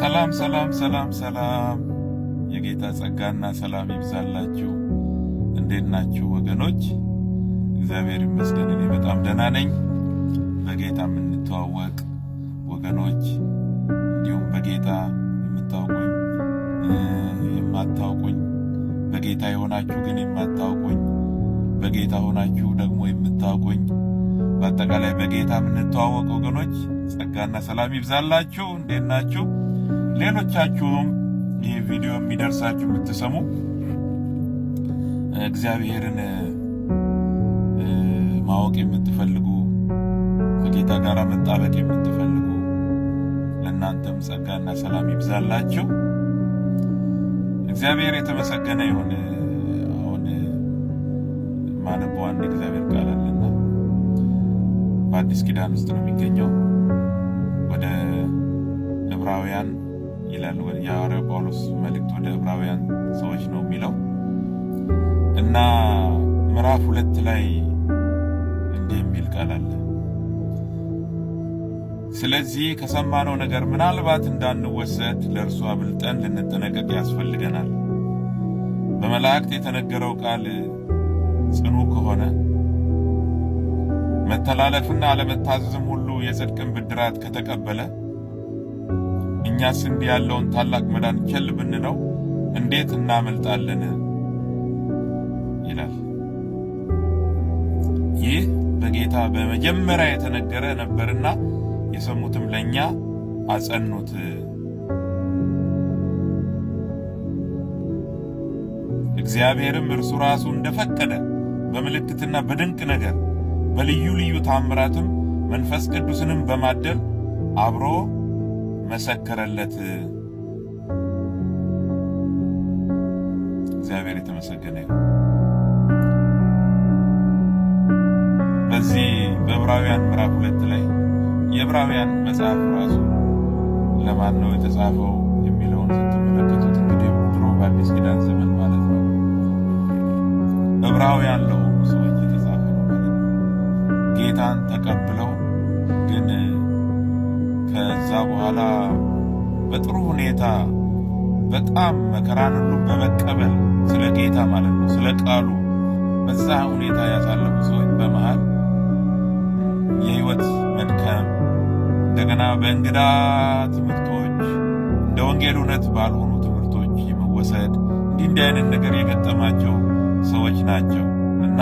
ሰላም ሰላም ሰላም ሰላም፣ የጌታ ጸጋና ሰላም ይብዛላችሁ። እንዴት ናችሁ ወገኖች? እግዚአብሔር ይመስገን እኔ በጣም ደህና ነኝ። በጌታ የምንተዋወቅ ወገኖች እንዲሁም በጌታ የምታውቁኝ የማታውቁኝ፣ በጌታ የሆናችሁ ግን የማታውቁኝ፣ በጌታ ሆናችሁ ደግሞ የምታውቁኝ፣ በአጠቃላይ በጌታ የምንተዋወቅ ወገኖች ጸጋና ሰላም ይብዛላችሁ። እንዴት ናችሁ? ሌሎቻችሁም ይህ ቪዲዮ የሚደርሳችሁ የምትሰሙ እግዚአብሔርን ማወቅ የምትፈልጉ ከጌታ ጋር መጣበቅ የምትፈልጉ ለእናንተም ጸጋና ሰላም ይብዛላችሁ። እግዚአብሔር የተመሰገነ ይሁን። አሁን ማነበው አንድ እግዚአብሔር ቃል አለና በአዲስ ኪዳን ውስጥ ነው የሚገኘው ወደ ዕብራውያን ይላል። የሐዋርያው ጳውሎስ መልእክት ወደ ዕብራውያን ሰዎች ነው የሚለው እና ምዕራፍ ሁለት ላይ እንዲህ የሚል ቃል አለ። ስለዚህ ከሰማነው ነገር ምናልባት እንዳንወሰድ ለእርሱ አብልጠን ልንጠነቀቅ ያስፈልገናል። በመላእክት የተነገረው ቃል ጽኑ ከሆነ መተላለፍና አለመታዘዝም ሁሉ የጽድቅን ብድራት ከተቀበለ እኛስ እንዲህ ያለውን ታላቅ መዳን ቸል ብንለው እንዴት እናመልጣለን? ይላል። ይህ በጌታ በመጀመሪያ የተነገረ ነበርና የሰሙትም ለእኛ አጸኑት። እግዚአብሔርም እርሱ ራሱ እንደፈቀደ በምልክትና በድንቅ ነገር በልዩ ልዩ ታምራትም መንፈስ ቅዱስንም በማደል አብሮ መሰከረለት። እግዚአብሔር የተመሰገነ ይሁን። በዚህ በዕብራውያን ምዕራፍ ሁለት ላይ የዕብራውያን መጽሐፍ ራሱ ለማን ነው የተጻፈው የሚለውን ስትመለከቱት እንግዲህ ድሮ በአዲስ ኪዳን ዘመን ማለት ነው ዕብራውያን ለሆኑ ሰዎች የተጻፈ ነው ነው። ጌታን ተቀብለው ግን ከዛ በኋላ በጥሩ ሁኔታ በጣም መከራን ሁሉ በመቀበል ስለ ጌታ ማለት ነው፣ ስለ ቃሉ በዛ ሁኔታ ያሳለፉ ሰዎች በመሃል የህይወት መድከም እንደገና በእንግዳ ትምህርቶች እንደ ወንጌል እውነት ባልሆኑ ትምህርቶች የመወሰድ እንዲህ እንዲህ አይነት ነገር የገጠማቸው ሰዎች ናቸው እና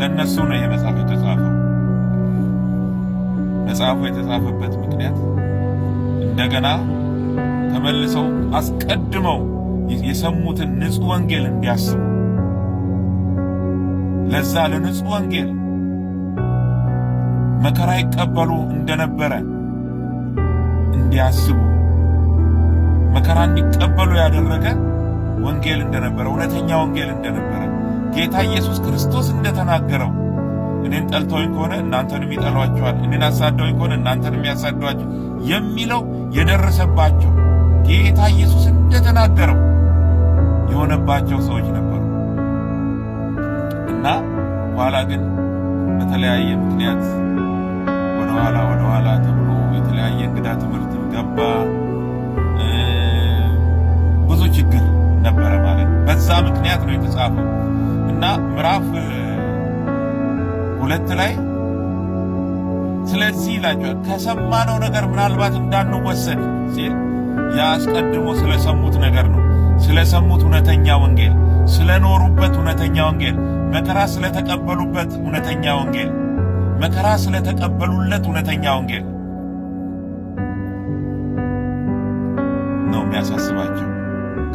ለእነሱ ነው ይሄ መጽሐፍ የተጻፈው። መጽሐፉ የተጻፈበት ምክንያት እንደገና ተመልሰው አስቀድመው የሰሙትን ንጹህ ወንጌል እንዲያስቡ ለዛ ለንጹህ ወንጌል መከራ ይቀበሉ እንደነበረ እንዲያስቡ መከራ እንዲቀበሉ ያደረገ ወንጌል እንደነበረ እውነተኛ ወንጌል እንደነበረ ጌታ ኢየሱስ ክርስቶስ እንደተናገረው እኔን ጠልተውኝ ከሆነ እናንተንም ይጠሏቸዋል፣ እኔን አሳደውኝ ከሆነ እናንተንም ያሳደዋቸው የሚለው የደረሰባቸው ጌታ ኢየሱስ እንደተናገረው የሆነባቸው ሰዎች ነበሩ እና በኋላ ግን በተለያየ ምክንያት ወደኋላ ወደኋላ ተብሎ የተለያየ እንግዳ ትምህርት ገባ። ብዙ ችግር ነበረ ማለት ነው። በዛ ምክንያት ነው የተጻፈው እና ምዕራፍ ሁለት ላይ ስለዚህ ይላቸዋል ከሰማነው ነገር ምናልባት እንዳንወሰድ ሲል ያስቀድሞ ስለሰሙት ነገር ነው። ስለሰሙት እውነተኛ ወንጌል፣ ስለኖሩበት እውነተኛ ወንጌል፣ መከራ ስለተቀበሉበት እውነተኛ ወንጌል፣ መከራ ስለተቀበሉለት እውነተኛ ወንጌል ነው የሚያሳስባቸው።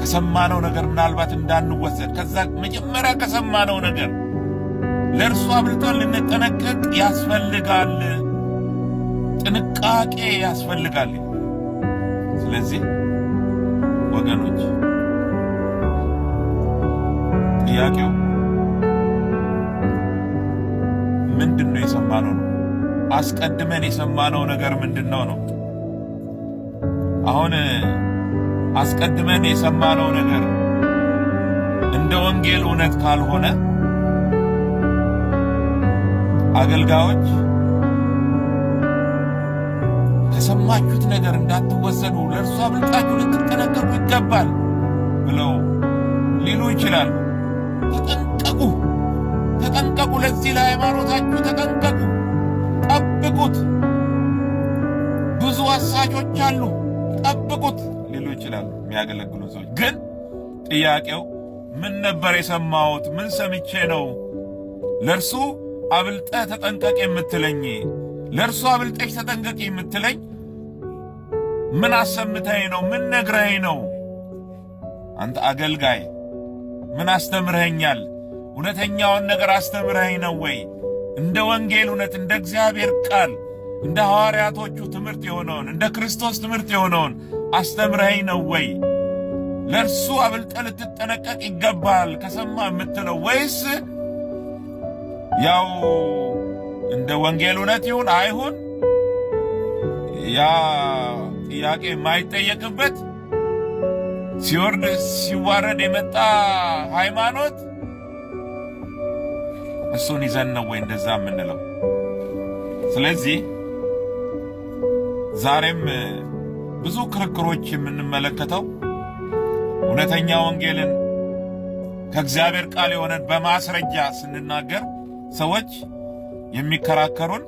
ከሰማነው ነገር ምናልባት እንዳንወሰድ ከዛ መጀመሪያ ከሰማነው ነገር ለእርሱ አብልጠን ልንጠነቀቅ ያስፈልጋል። ጥንቃቄ ያስፈልጋል። ስለዚህ ወገኖች ጥያቄው ምንድን ነው? የሰማነው ነው። አስቀድመን የሰማነው ነገር ምንድን ነው ነው? አሁን አስቀድመን የሰማነው ነገር እንደ ወንጌል እውነት ካልሆነ አገልጋዮች ከሰማችሁት ነገር እንዳትወሰዱ ለእርሱ አብልጣችሁ ልትጠነቀቁ ይገባል ብለው ሊሉ ይችላሉ። ተጠንቀቁ፣ ተጠንቀቁ፣ ለዚህ ለሃይማኖታችሁ ተጠንቀቁ፣ ጠብቁት፣ ብዙ አሳቾች አሉ፣ ጠብቁት ሊሉ ይችላሉ። የሚያገለግሉ ሰዎች ግን ጥያቄው ምን ነበር የሰማሁት? ምን ሰምቼ ነው ለእርሱ አብልጠህ ተጠንቀቅ የምትለኝ ለእርሱ አብልጠሽ ተጠንቀቅ የምትለኝ ምን አሰምተኝ ነው? ምን ነግረኸኝ ነው? አንተ አገልጋይ ምን አስተምረኛል? እውነተኛውን ነገር አስተምረኝ ነው ወይ? እንደ ወንጌል እውነት፣ እንደ እግዚአብሔር ቃል፣ እንደ ሐዋርያቶቹ ትምህርት የሆነውን እንደ ክርስቶስ ትምህርት የሆነውን አስተምረኝ ነው ወይ? ለእርሱ አብልጠ ልትጠነቀቅ ይገባል ከሰማ የምትለው ወይስ ያው እንደ ወንጌል እውነት ይሁን አይሁን ያ ጥያቄ የማይጠየቅበት ሲወርድ ሲዋረድ የመጣ ሃይማኖት እሱን ይዘን ነው ወይ እንደዛ የምንለው? ስለዚህ ዛሬም ብዙ ክርክሮች የምንመለከተው እውነተኛ ወንጌልን ከእግዚአብሔር ቃል የሆነን በማስረጃ ስንናገር ሰዎች የሚከራከሩን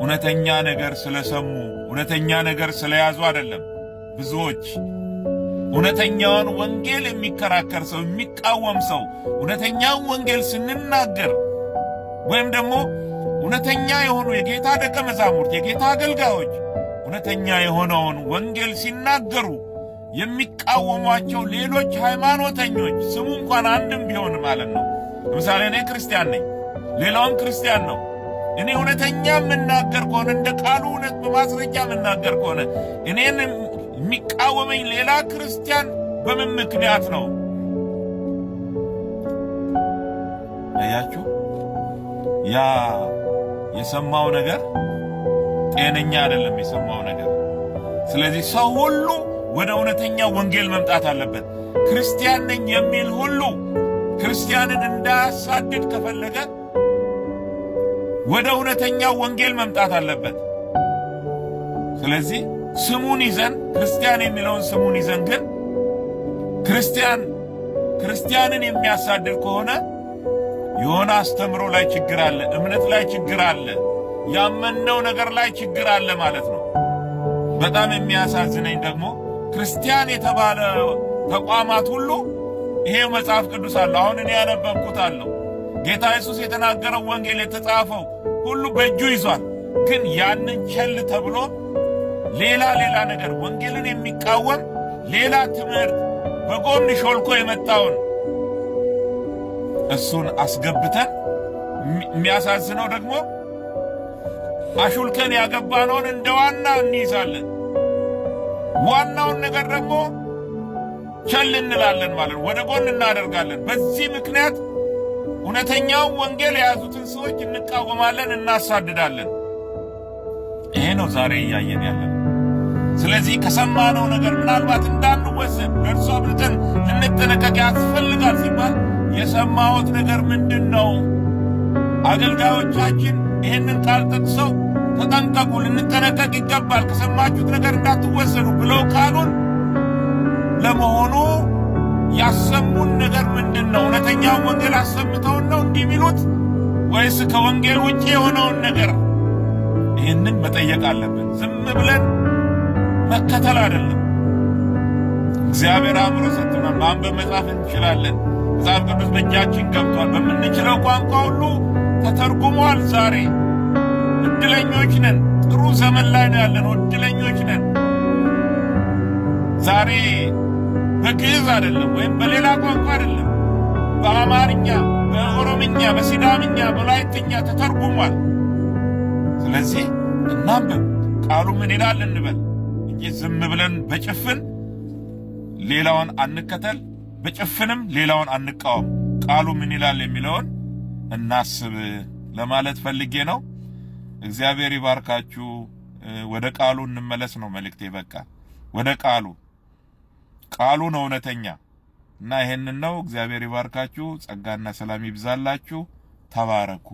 እውነተኛ ነገር ስለሰሙ እውነተኛ ነገር ስለያዙ አይደለም። ብዙዎች እውነተኛውን ወንጌል የሚከራከር ሰው የሚቃወም ሰው እውነተኛውን ወንጌል ስንናገር ወይም ደግሞ እውነተኛ የሆኑ የጌታ ደቀ መዛሙርት የጌታ አገልጋዮች እውነተኛ የሆነውን ወንጌል ሲናገሩ የሚቃወሟቸው ሌሎች ሃይማኖተኞች ስሙ እንኳን አንድም ቢሆን ማለት ነው። ለምሳሌ እኔ ክርስቲያን ነኝ፣ ሌላውም ክርስቲያን ነው። እኔ እውነተኛ የምናገር ከሆነ እንደ ቃሉ እውነት በማስረጃ የምናገር ከሆነ እኔን የሚቃወመኝ ሌላ ክርስቲያን በምን ምክንያት ነው? አያችሁ፣ ያ የሰማው ነገር ጤነኛ አይደለም የሰማው ነገር። ስለዚህ ሰው ሁሉ ወደ እውነተኛ ወንጌል መምጣት አለበት። ክርስቲያን ነኝ የሚል ሁሉ ክርስቲያንን እንዳያሳድድ ከፈለገ ወደ እውነተኛ ወንጌል መምጣት አለበት። ስለዚህ ስሙን ይዘን ክርስቲያን የሚለውን ስሙን ይዘን ግን ክርስቲያን ክርስቲያንን የሚያሳድድ ከሆነ የሆነ አስተምሮ ላይ ችግር አለ፣ እምነት ላይ ችግር አለ፣ ያመነው ነገር ላይ ችግር አለ ማለት ነው። በጣም የሚያሳዝነኝ ደግሞ ክርስቲያን የተባለ ተቋማት ሁሉ ይሄ መጽሐፍ ቅዱስ አለው። አሁን እኔ ያነበብኩት አለው። ጌታ ኢየሱስ የተናገረው ወንጌል የተጻፈው ሁሉ በእጁ ይዟል። ግን ያንን ቸል ተብሎ ሌላ ሌላ ነገር ወንጌልን የሚቃወም ሌላ ትምህርት በጎን ሾልኮ የመጣውን እሱን አስገብተን የሚያሳዝነው ደግሞ አሹልከን ያገባነውን እንደ ዋና እንይዛለን። ዋናውን ነገር ደግሞ ቸል እንላለን ማለት ነው፣ ወደ ጎን እናደርጋለን። በዚህ ምክንያት እውነተኛውን ወንጌል የያዙትን ሰዎች እንቃወማለን፣ እናሳድዳለን። ይሄ ነው ዛሬ እያየን ያለን። ስለዚህ ከሰማነው ነገር ምናልባት እንዳንወስን ለእርሱ አብርተን ልንጠነቀቅ ያስፈልጋል ሲባል የሰማሁት ነገር ምንድን ነው? አገልጋዮቻችን ይህንን ቃል ጠቅሰው ተጠንቀቁ፣ ልንጠነቀቅ ይገባል፣ ከሰማችሁት ነገር እንዳትወሰዱ ብለው ካሉን ለመሆኑ ያሰሙን ነገር ምንድን ነው? ወንጌል አሰምተውን ነው እንዲህ የሚሉት ወይስ ከወንጌል ውጭ የሆነውን ነገር? ይህንን መጠየቅ አለብን። ዝም ብለን መከተል አይደለም። እግዚአብሔር አእምሮ ሰጥቶናል። ማንበብ መጻፍ እንችላለን። መጽሐፍ ቅዱስ በእጃችን ገብቷል። በምንችለው ቋንቋ ሁሉ ተተርጉሟል ዛሬ እድለኞች ነን። ጥሩ ዘመን ላይ ነው ያለነው። እድለኞች ነን። ዛሬ በግዕዝ አይደለም ወይም በሌላ ቋንቋ አይደለም፣ በአማርኛ፣ በኦሮምኛ፣ በሲዳምኛ፣ በላይትኛ ተተርጉሟል። ስለዚህ እናንብብ፣ ቃሉ ምን ይላል እንበል እንጂ ዝም ብለን በጭፍን ሌላውን አንከተል፣ በጭፍንም ሌላውን አንቃወም። ቃሉ ምን ይላል የሚለውን እናስብ ለማለት ፈልጌ ነው። እግዚአብሔር ይባርካችሁ። ወደ ቃሉ እንመለስ ነው መልእክቴ። በቃ ወደ ቃሉ ቃሉ ነው እውነተኛ እና ይሄንን ነው። እግዚአብሔር ይባርካችሁ። ጸጋና ሰላም ይብዛላችሁ። ተባረኩ።